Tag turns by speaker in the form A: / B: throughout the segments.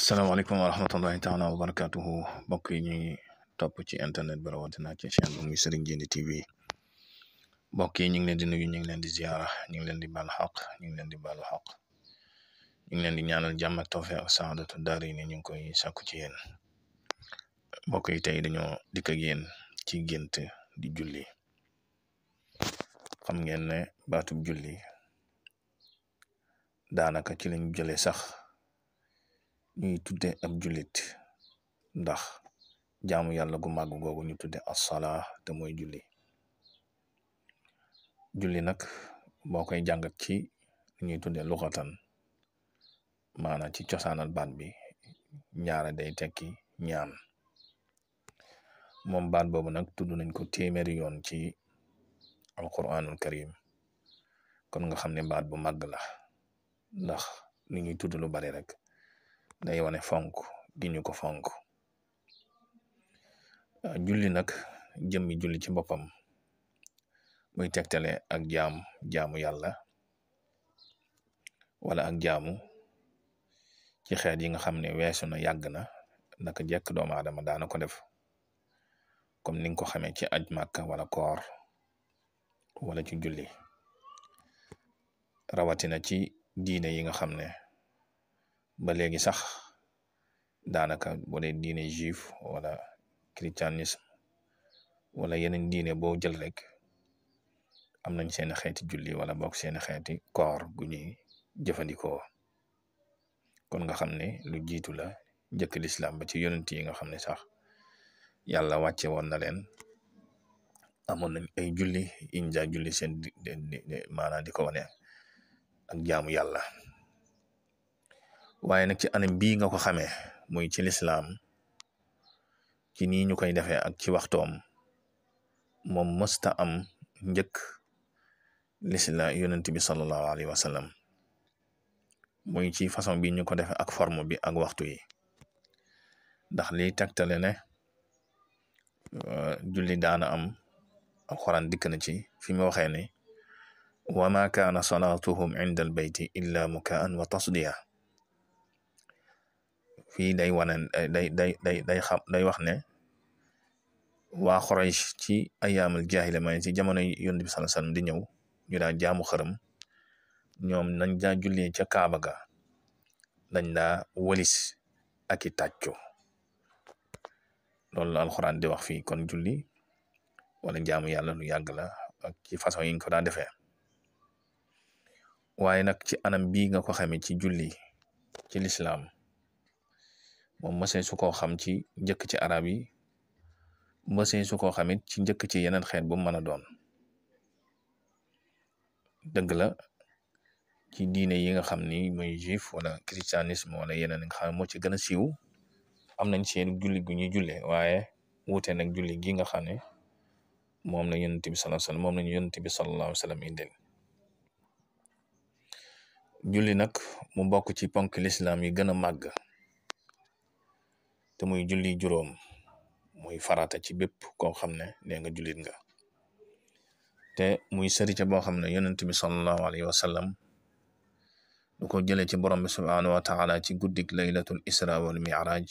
A: asalaamaaleykum wa rahmatullahi taala wa barakatuhu mbokk yi ñuy topp ci internet bi rawatina ci chaîne bu muy TV mbokk yi ñu ngi leen di nuyu ñu ngi leen di ziara ñu ngi leen di baal xaq ñu ngi leen di baalu xaq ñu ngi leen di ñaanal jàmm ak tawfiq ak saadatu daar ñu ngi koy sàkku ci yéen mbokk yi tey dañoo dikk ak yéen ci gént di julli xam ngeen ne baatub julli daanaka ci lañ jëlee sax ñuy tudde ab julit ndax jaamu yàlla gu màgg googu ñu tudde assala te mooy juli julli nag boo koy jàngat ci ñuy tudde luxatan maanaam ci cosaanal baat bi ñaara day tekki ñaan moom baat boobu nag tudd nañ ko téeméeri yoon ci alquranul karim kon nga xam ne baat bu màgg la ndax ni ñuy tudd lu bari rek day wane fonk gi ko fonk ah, julli nag jëmmi julli ci boppam muy tegtale ak jaam jaamu yàlla wala ak jaamu ci xeet yi nga xam ne weesu na yàgg na naka jekk doomu aadama daana ko def comme ni nga ko xamee ci aj màkka wala koor wala ci julli rawatina ci diine yi nga xam ne ba léegi sax daanaka boo dee diine juif wala christianisme wala yene diine boo jël rek am nañ seen xeeti juli wala boog seen xeeti koor gu ñuy jëfandikoo kon nga xam ne lu jiitu la njëkk lislaam ba ci yonent nga xam ne sax yàlla wàcce woon na leen amoon nañ ay julli inja juli seen maana di ko wane ak jaamu yàlla waaye nag ci anam bii nga ko xamee muy ci lislaam ci nii ñu koy defee ak ci waxtoom moom mosta am njëkk lislaam yonent bi sallallahu alayhi wa sallam muy ci façon bi ñu ko defee ak forme bi ak waxtu yi ndax li tegtale ne euh, julli daana am alxuraan dikk na ci fi mu waxee ne wa ma kaana salaatuhum inda albayti illa mukaan wa tasdiya fii day wane day day day day wax ne waa Quraysh ci ayaamul jaahiliya ma ci jamono yonent bi sallallahu alayhi wasallam di ñëw ñu daa jaamu xërëm ñoom nañ daa jullee ca Kaaba ga dañ daa walis aki i tàcco loolu la alxuraan di wax fii kon juli wala jaamu yàlla lu yàgg la ak ci façon yi nga ko daa defee waaye nag ci anam bii nga ko xamee ci julli ci lislaam moom mësee su koo xam ci njëkk ci arab yi mësee su koo xamit ci njëkk ci yeneen xeet bu mu mën a doon dëgg la ci diine yi nga xam ni muy juif wala christianisme wala yeneen nga xam moo ci gën a siiw am nañ seen julli gu ñuy julle waaye wuute nag julli gi nga xam ne moom na yonent bi sallallahu alayhi wasallam moom la ñu yonent bi sallallahu alayhi julli nag mu bokk ci ponk lislaam yi gën a màgg te muy julli juróom muy farata ci bépp koo xam ne nee nga jullit nga te muy sërite boo xam ne yonent bi sallallahu alayhi wa sallam du ko jëlee ci borom bi subhaanahu wa taala ci guddik laylatul isra wal mi'raj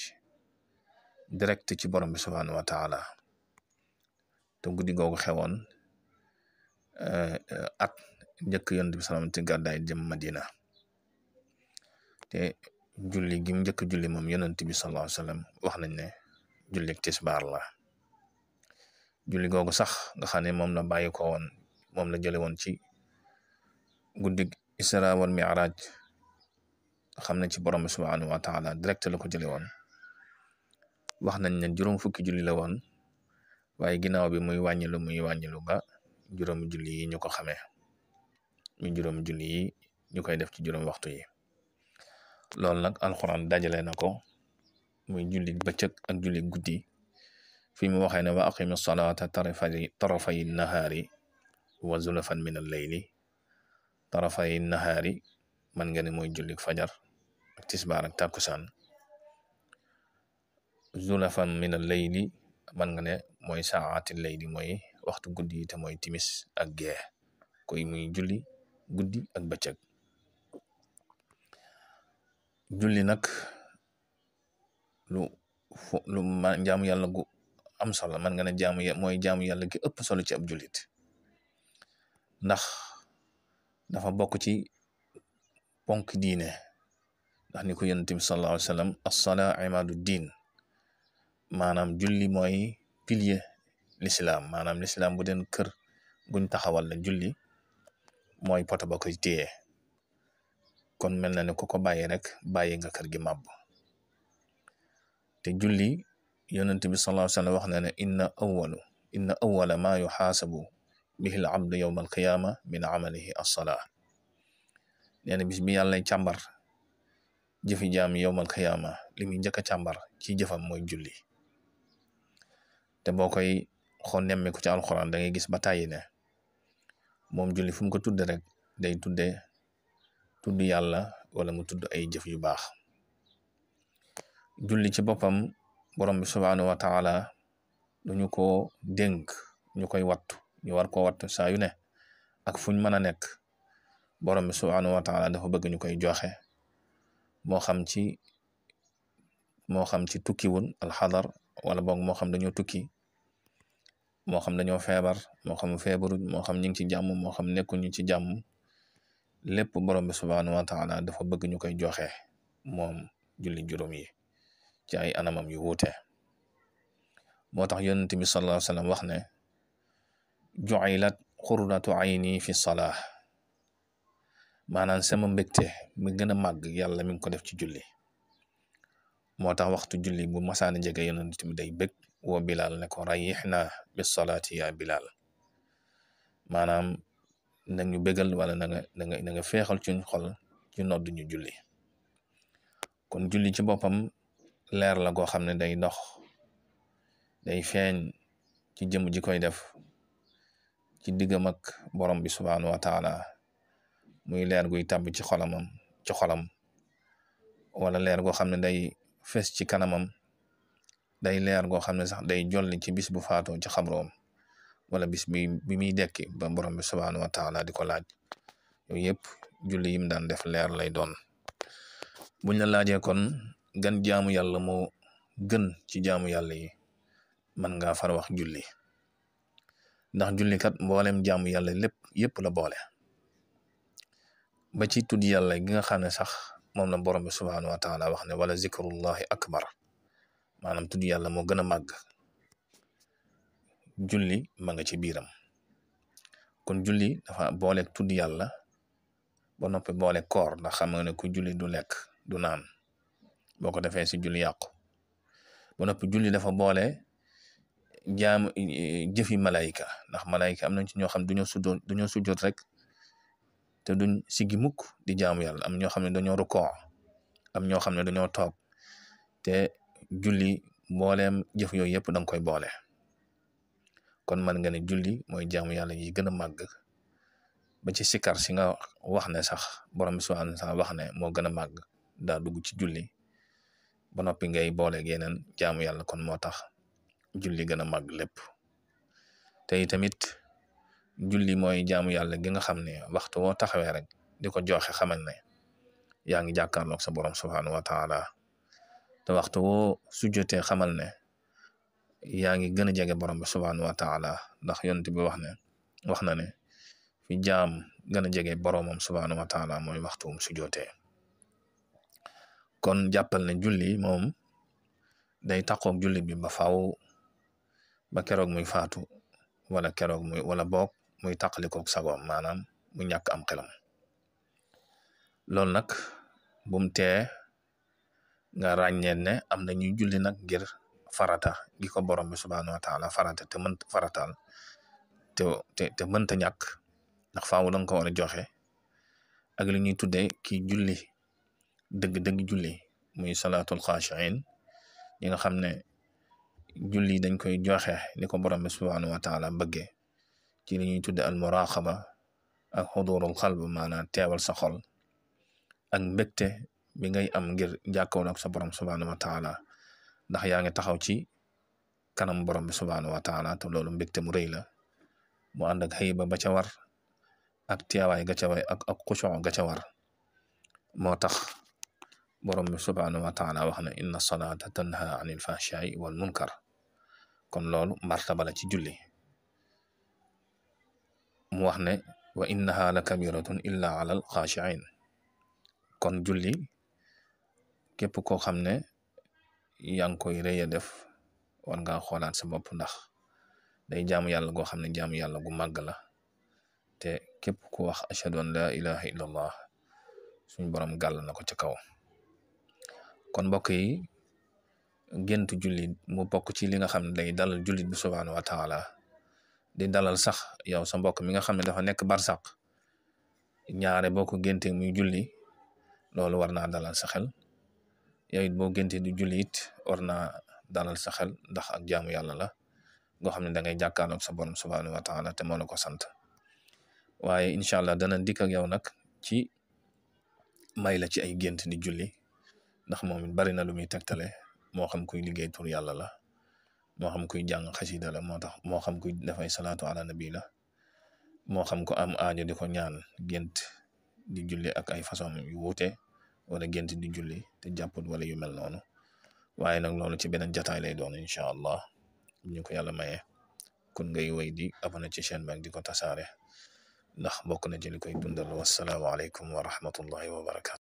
A: direct ci borom bi subhaanahu wa taala te guddi googu xewoon eh, at njëkk yonent bi salaam te gàddaay jëm Madina te julli gi mu njëkk julli moom yonent bi sallallahu alayhi wasallam wax nañ ne julli tisbaar la julli googu sax nga xam ne moom la bàyyi ko moom la jële woon ci guddig won wal mi'raj xam ne ci borom bi subhanahu wa direct la ko jële woon wax nañ ne juróom fukki julli la woon waaye ginnaaw bi muy wàññilu muy wàññilu ba juróomi julli yi ñu ko xamee muy juróomi julli yi ñu koy def ci juróom waxtu yi loolu nag alxuraan dajale na ko muy julli bëccëg ak julli guddi fi mu waxee ne wa aqimi salaata tarafayi nahaari wa zulafan min al layli tarafayi nahaari man nga ne mooy julli fajar ak tisbaar ak tàkkusaan zulafan min al layli man nga ne mooy saati layli mooy waxtu guddi yi te mooy timis ak gee koy muy julli guddi ak bëccëg julli nag lu fu lu ma jaamu yàlla gu am solo man nga ne jaamu mooy jaamu yàlla gi ëpp solo ci ab julit ndax dafa bokk ci ponk diine ndax ni ko yonent bi sallallahu alayhi wa sallam as-salaa imaadu diin maanaam julli mooy pilier lislaam maanaam lislaam bu den kër guñ taxawal la julli mooy poto ba koy téye kon mel na ne ku ko bàyyi rek bàyyi nga kër gi màbb te julli yonent bi sallallahu alayhi wa sallam wax na ne inna awwalu inna awwala maa yuxaasabu bihi al abdu yowma alqiyaama min amalihi alsolaa nee na bis bi yàlla càmbar jëfi jaam yowma alqiyaama li muy njëkk a càmbar ci jëfam mooy julli te boo koy xool nemmi ko ci alxuraan da gis ba tàyyi ne moom julli fu mu ko tudde rek day tudde tudd yàlla wala mu tudd ay jëf yu baax julli ci boppam borom bi subhaanahu wa taala dañu ko dénk ñu koy wattu ñu war ko wattu saa yu ne ak fuñ mën a nekk borom bi subhaanahu wa taala dafa bëgg ñu koy joxe moo xam ci moo xam ci tukki wun alxadar wala boog moo xam dañoo tukki moo xam dañoo feebar moo xam feebaru moo xam ñu ngi ci jàmm moo xam nekku ñu ci jàmm lépp borom bi subhaanahu wa dafa bëgg ñu koy joxe moom juli juróom yi ci anamam yu wuute moo tax yonent bi sallallahu alayhi wa sallam wax ne ju'ilat qurratu ayni fi salah maanaam sama mbégte mi gën a màgg yàlla mi ngi ko def ci juli moo tax waxtu julli bu masaana jege yonent bi day bég woo Bilal ne ko rayyixna bi salaati yaa Bilal maanaam na ñu bégal wala na nga na nga feexal ci xol ci nodd ñu julli kon julli ci boppam leer la goo xam ne day dox day feeñ ci jëm ji koy def ci digga mag borom bi subhaanahu wa taala muy leer guy tàbb ci xolamam ci xolam wala leer goo xam ne day fees ci kanamam day leer goo xam ne sax day jolli ci bis bu faatoo ci xabroom wala bis bi bi muy dekki ba borom bi subhaanahu wa taala di ko laaj yooyu yëpp julli yim daan def leer lay doon buñ la laajee kon gan jaamu yàlla moo gën ci jaamu yàlla yi man ngaa far wax julli ndax julli kat mboolem jaamu yàlla lépp yëpp la boole ba ci tudd yàlla yi nga xam ne sax moom na borom bi subhaanahu wa taala wax ne wala zikrullahi akbar maanaam tudd yàlla moo gën a màgg julli ma nga ci biiram kon julli dafa booleeg tudd yàlla ba noppi boole koor ndax xam nga ne ku julli du lekk du naan boo ko defee si julli yàqu ba noppi julli dafa boole jaam jëfi malayka ndax malayka am nañ ci ñoo xam duñoo sujjoot duñoo sujjoot rek te duñ sigi mukk di jaamu yàlla am ñoo xam ne dañoo rukkoo am ñoo xam ne dañoo toog te julli mbooleem jëf yooyu yëpp danga koy boole kon man nga ne julli mooy jaamu yàlla yi gën a màgg ba ci sikar si nga wax ne sax borom bi subhanahu wa wax ne moo gën a màgg daa dugg ci julli ba noppi ngay booleeg yeneen jaamu yàlla kon moo tax julli gën a màgg lépp te tamit julli mooy jaamu yàlla gi nga xam ne waxtu woo taxawee rek di ko joxe xamal ne yaa ngi jàkkaarloog sa borom subhanahu te waxtu woo sujjotee xamal yaa ngi gën a jege borom bi subhaanahu wa ndax yonent bi wax ne wax na ne fi jaam gën a jege boromam subhaanahu wa taala mooy waxtuum su jootee kon jàppal ne juli moom day taqoog julli bi ba faaw ba keroog muy faatu wala keroog muy wala boog muy taqalikoog sagoom maanaam mu ñàkk am xelam loolu nag bum tee nga ràññee ne am na ñuy julli nag ngir farata gi ko borom bi subhaanahu wa taala farata te mënta farataal te te te ñàkk ndax faaw da ko war a joxe ak li ñuy tuddee kii julli dëgg-dëgg julli muy salaatul xaashiin ñi nga xam ne julli dañ koy joxe ni ko borom bi subhaanahu wa taala bëggee ci li ñuy tuddee ak xudurul xalb maanaam teewal sa xol ak mbégte bi ngay am ngir jàkkaarloo ak sa borom subhaanahu ndax yaa ngi taxaw ci kanam borom bi subhaanahu wa taala loolu mbégte mu rëy la mu ànd ak xëy ba ca war ak tiyawaay ga ca war ak ak xucoo ca war moo tax borom bi subhaanahu wa taala wax na inna salaata tanha anil fahshaai munkar kon loolu martaba la ci julli mu wax ne wa innaha la kabiratun illa ala al xaashiin kon julli képp koo xam ne yaa ngi koy rëy def war ngaa xoolaat sa bopp ndax day jaamu yàlla goo xam ne jaamu yàlla gu màgg la te képp ku wax ashhadu an laa ilaha illallah suñ borom gàll na ko ca kaw kon mbokk yi gént jullit mu bokk ci li nga xam ne day dalal jullit bi subhaanahu wa taala di dalal sax yow sa mbokk mi nga xam ne dafa nekk barsaq ñaare boo ko géntee muy julli loolu war naa dalal sa xel yow it boo gënte di julli it war naa dalal sa xel ndax ak jaamu yàlla la goo xam ne da ngay jàkkaarloog sa borom subhaanahu wa taala te moo la ko sant waaye incha allah dana dikk ak yow nag ci may la ci ay gént di julli ndax moom it bari na lu muy tegtale moo xam kuy liggéey yàlla la moo xam kuy jàng xasida la moo tax moo xam kuy dafay salaatu ala nabi la moo xam ko am aajo di ko ñaan gént di julli ak ay façon yu wuute wala gént di julli te jàpput wala yu mel noonu waaye nag loolu ci beneen jataay lay doon incha allah ñu ko yàlla maye kon ngay wéy di abonné ci chaîne bi ak di ko tasaare ndax bokk na ci li koy dundal wassalaamu aleykum wa rahmatullahi wa barakatu